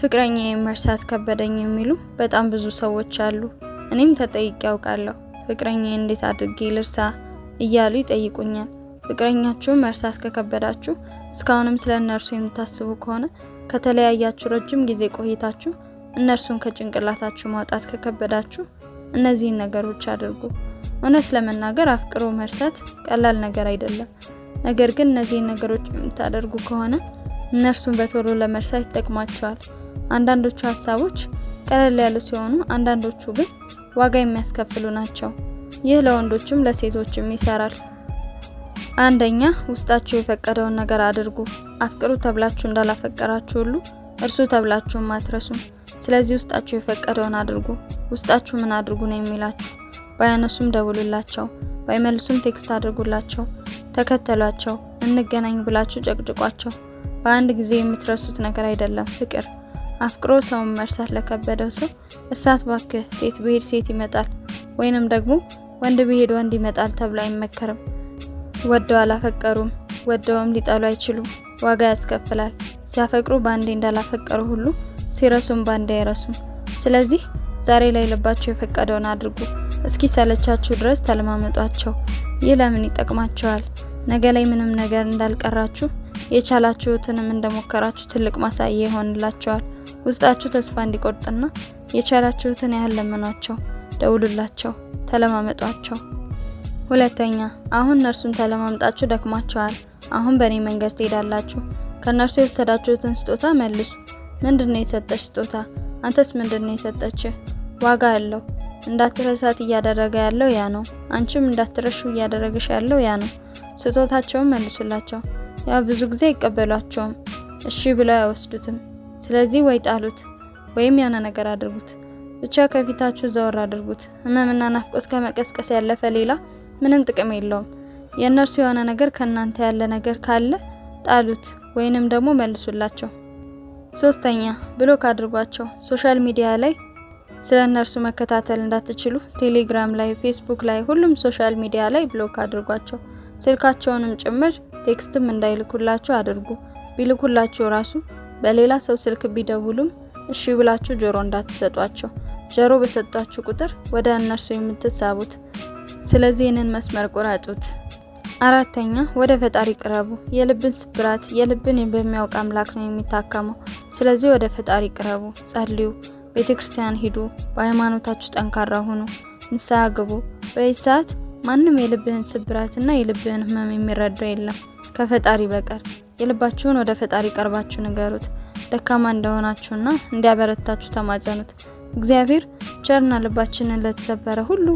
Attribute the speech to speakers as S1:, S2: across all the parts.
S1: ፍቅረኛ መርሳት ከበደኝ የሚሉ በጣም ብዙ ሰዎች አሉ። እኔም ተጠይቄ ያውቃለሁ። ፍቅረኛ እንዴት አድርጌ ልርሳ እያሉ ይጠይቁኛል። ፍቅረኛችሁ መርሳት ከከበዳችሁ እስካሁንም ስለ እነርሱ የምታስቡ ከሆነ ከተለያያችሁ ረጅም ጊዜ ቆይታችሁ እነርሱን ከጭንቅላታችሁ ማውጣት ከከበዳችሁ እነዚህን ነገሮች አድርጉ። እውነት ለመናገር አፍቅሮ መርሳት ቀላል ነገር አይደለም። ነገር ግን እነዚህን ነገሮች የምታደርጉ ከሆነ እነርሱን በቶሎ ለመርሳት ይጠቅማቸዋል። አንዳንዶቹ ሀሳቦች ቀለል ያሉ ሲሆኑ፣ አንዳንዶቹ ግን ዋጋ የሚያስከፍሉ ናቸው። ይህ ለወንዶችም ለሴቶችም ይሰራል። አንደኛ ውስጣችሁ የፈቀደውን ነገር አድርጉ። አፍቅሩ ተብላችሁ እንዳላፈቀራችሁ ሁሉ እርሱ ተብላችሁም አትረሱም። ስለዚህ ውስጣችሁ የፈቀደውን አድርጉ። ውስጣችሁ ምን አድርጉ ነው የሚላችሁ? ባያነሱም ደውሉላቸው፣ ባይመልሱም ቴክስት አድርጉላቸው፣ ተከተሏቸው፣ እንገናኝ ብላችሁ ጨቅጭቋቸው። በአንድ ጊዜ የምትረሱት ነገር አይደለም ፍቅር አፍቅሮ ሰውን መርሳት ለከበደው ሰው እሳት ባክ ሴት ብሄድ ሴት ይመጣል ወይንም ደግሞ ወንድ ብሄድ ወንድ ይመጣል ተብሎ አይመከርም። ወደው አላፈቀሩም፣ ወደውም ሊጠሉ አይችሉም። ዋጋ ያስከፍላል። ሲያፈቅሩ ባንዴ እንዳላፈቀሩ ሁሉ ሲረሱም ባንዴ አይረሱም። ስለዚህ ዛሬ ላይ ልባቸው የፈቀደውን አድርጉ። እስኪ ሰለቻችሁ ድረስ ተለማመጧቸው። ይህ ለምን ይጠቅማቸዋል? ነገ ላይ ምንም ነገር እንዳልቀራችሁ የቻላችሁትንም እንደሞከራችሁ ትልቅ ማሳያ ይሆንላቸዋል። ውስጣችሁ ተስፋ እንዲቆርጥና የቻላችሁትን ያህል ለምኗቸው፣ ደውሉላቸው፣ ተለማመጧቸው። ሁለተኛ፣ አሁን እነርሱን ተለማምጣችሁ ደክማቸዋል? አሁን በእኔ መንገድ ትሄዳላችሁ። ከእነርሱ የወሰዳችሁትን ስጦታ መልሱ። ምንድነው የሰጠች ስጦታ? አንተስ ምንድን የሰጠችህ የሰጠች? ዋጋ አለው። እንዳትረሳት እያደረገ ያለው ያ ነው። አንቺም እንዳትረሹ እያደረገሽ ያለው ያ ነው። ስጦታቸውን መልሱላቸው። ያው ብዙ ጊዜ አይቀበሏቸውም፣ እሺ ብለው አይወስዱትም። ስለዚህ ወይ ጣሉት ወይም የሆነ ነገር አድርጉት። ብቻ ከፊታችሁ ዘወር አድርጉት። ህመምና ናፍቆት ከመቀስቀስ ያለፈ ሌላ ምንም ጥቅም የለውም። የእነርሱ የሆነ ነገር ከእናንተ ያለ ነገር ካለ ጣሉት ወይንም ደግሞ መልሱላቸው። ሶስተኛ ብሎክ አድርጓቸው። ሶሻል ሚዲያ ላይ ስለ እነርሱ መከታተል እንዳትችሉ ቴሌግራም ላይ፣ ፌስቡክ ላይ፣ ሁሉም ሶሻል ሚዲያ ላይ ብሎክ አድርጓቸው። ስልካቸውንም ጭምር ቴክስትም እንዳይልኩላቸው አድርጉ። ቢልኩላችሁ ራሱ በሌላ ሰው ስልክ ቢደውሉም እሺ ብላችሁ ጆሮ እንዳትሰጧቸው። ጆሮ በሰጧችሁ ቁጥር ወደ እነርሱ የምትሳቡት። ስለዚህ ይህንን መስመር ቁረጡት። አራተኛ ወደ ፈጣሪ ቅረቡ። የልብን ስብራት የልብን በሚያውቅ አምላክ ነው የሚታከመው። ስለዚህ ወደ ፈጣሪ ቅረቡ፣ ጸልዩ፣ ቤተ ክርስቲያን ሂዱ፣ በሃይማኖታችሁ ጠንካራ ሁኑ፣ ንስሐ ግቡ። በዚህ ሰዓት ማንም የልብህን ስብራትና የልብህን ህመም የሚረዳው የለም ከፈጣሪ በቀር። የልባችሁን ወደ ፈጣሪ ቀርባችሁ ንገሩት። ደካማ እንደሆናችሁና እንዲያበረታችሁ ተማጸኑት። እግዚአብሔር ቸርና ልባችንን ለተሰበረ ሁሉ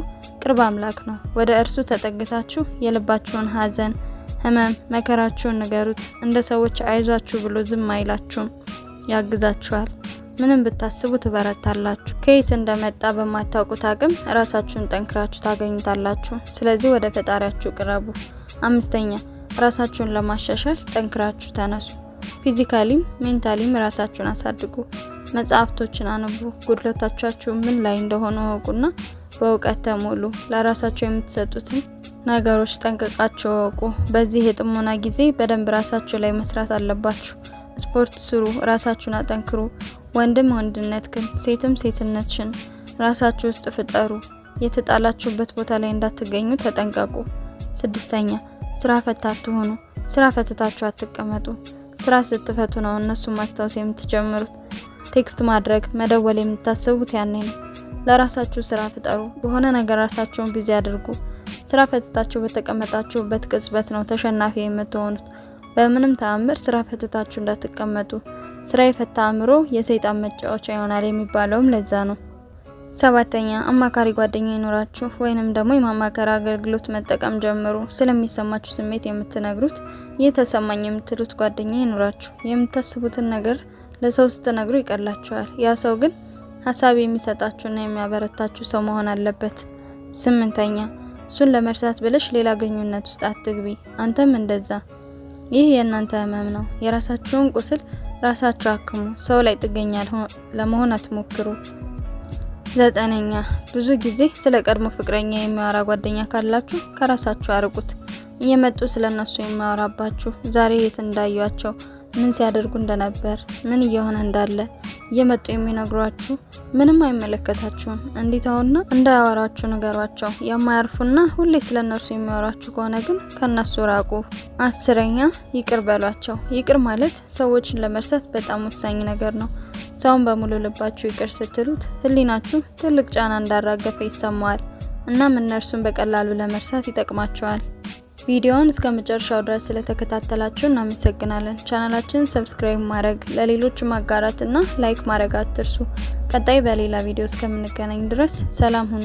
S1: ቅርብ አምላክ ነው። ወደ እርሱ ተጠግታችሁ የልባችሁን ሐዘን፣ ህመም መከራችሁን ንገሩት። እንደ ሰዎች አይዟችሁ ብሎ ዝም አይላችሁም፣ ያግዛችኋል። ምንም ብታስቡ ትበረታላችሁ። ከየት እንደመጣ በማታውቁት አቅም ራሳችሁን ጠንክራችሁ ታገኙታላችሁ። ስለዚህ ወደ ፈጣሪያችሁ ቅረቡ። አምስተኛ ራሳችሁን ለማሻሻል ጠንክራችሁ ተነሱ። ፊዚካሊም ሜንታሊም ራሳችሁን አሳድጉ። መጽሐፍቶችን አንቡ። ጉድለቶቻችሁ ምን ላይ እንደሆነ እወቁና በእውቀት ተሞሉ። ለራሳችሁ የምትሰጡትን ነገሮች ጠንቅቃችሁ እወቁ። በዚህ የጥሞና ጊዜ በደንብ ራሳችሁ ላይ መስራት አለባችሁ። ስፖርት ስሩ፣ ራሳችሁን አጠንክሩ። ወንድም ወንድነትክን፣ ሴትም ሴትነትሽን ራሳችሁ ውስጥ ፍጠሩ። የተጣላችሁበት ቦታ ላይ እንዳትገኙ ተጠንቀቁ። ስድስተኛ ስራ ፈታ አትሆኑ። ስራ ፈትታችሁ አትቀመጡ። ስራ ስትፈቱ ነው እነሱ ማስታወስ የምትጀምሩት። ቴክስት ማድረግ፣ መደወል የምታስቡት ያኔ ነው። ለራሳችሁ ስራ ፍጠሩ። በሆነ ነገር ራሳችሁን ቢዚ አድርጉ። ስራ ፈትታችሁ በተቀመጣችሁበት ቅጽበት ነው ተሸናፊ የምትሆኑት። በምንም ተአምር ስራ ፈትታችሁ እንዳትቀመጡ። ስራ የፈታ አእምሮ የሰይጣን መጫወቻ ይሆናል የሚባለውም ለዛ ነው። ሰባተኛ አማካሪ ጓደኛ ይኖራችሁ ወይንም ደግሞ የማማከር አገልግሎት መጠቀም ጀምሩ። ስለሚሰማችሁ ስሜት የምትነግሩት ይህ ተሰማኝ የምትሉት ጓደኛ ይኖራችሁ። የምታስቡትን ነገር ለሰው ስትነግሩ ይቀላችኋል። ያ ሰው ግን ሀሳብ የሚሰጣችሁና የሚያበረታችሁ ሰው መሆን አለበት። ስምንተኛ እሱን ለመርሳት ብለሽ ሌላ ግንኙነት ውስጥ አትግቢ። አንተም እንደዛ። ይህ የእናንተ ህመም ነው። የራሳችሁን ቁስል ራሳችሁ አክሙ። ሰው ላይ ጥገኛ ለመሆን አትሞክሩ። ዘጠነኛ ብዙ ጊዜ ስለ ቀድሞ ፍቅረኛ የሚያወራ ጓደኛ ካላችሁ ከራሳችሁ አርቁት። እየመጡ ስለ እነሱ የሚያወራባችሁ ዛሬ የት እንዳዩቸው፣ ምን ሲያደርጉ እንደነበር፣ ምን እየሆነ እንዳለ እየመጡ የሚነግሯችሁ ምንም አይመለከታችሁም። እንዲተውና እንዳያወራችሁ ንገሯቸው። የማያርፉና ሁሌ ስለ እነርሱ የሚያወራችሁ ከሆነ ግን ከእነሱ ራቁ። አስረኛ ይቅር በሏቸው። ይቅር ማለት ሰዎችን ለመርሳት በጣም ወሳኝ ነገር ነው። ሰውን በሙሉ ልባችሁ ይቅር ስትሉት ህሊናችሁ ትልቅ ጫና እንዳራገፈ ይሰማዋል። እናም እነርሱን በቀላሉ ለመርሳት ይጠቅማቸዋል። ቪዲዮውን እስከ መጨረሻው ድረስ ስለተከታተላችሁ እናመሰግናለን። ቻናላችንን ሰብስክራይብ ማድረግ፣ ለሌሎች ማጋራት እና ላይክ ማድረግ አትርሱ። ቀጣይ በሌላ ቪዲዮ እስከምንገናኝ ድረስ ሰላም ሁኑ።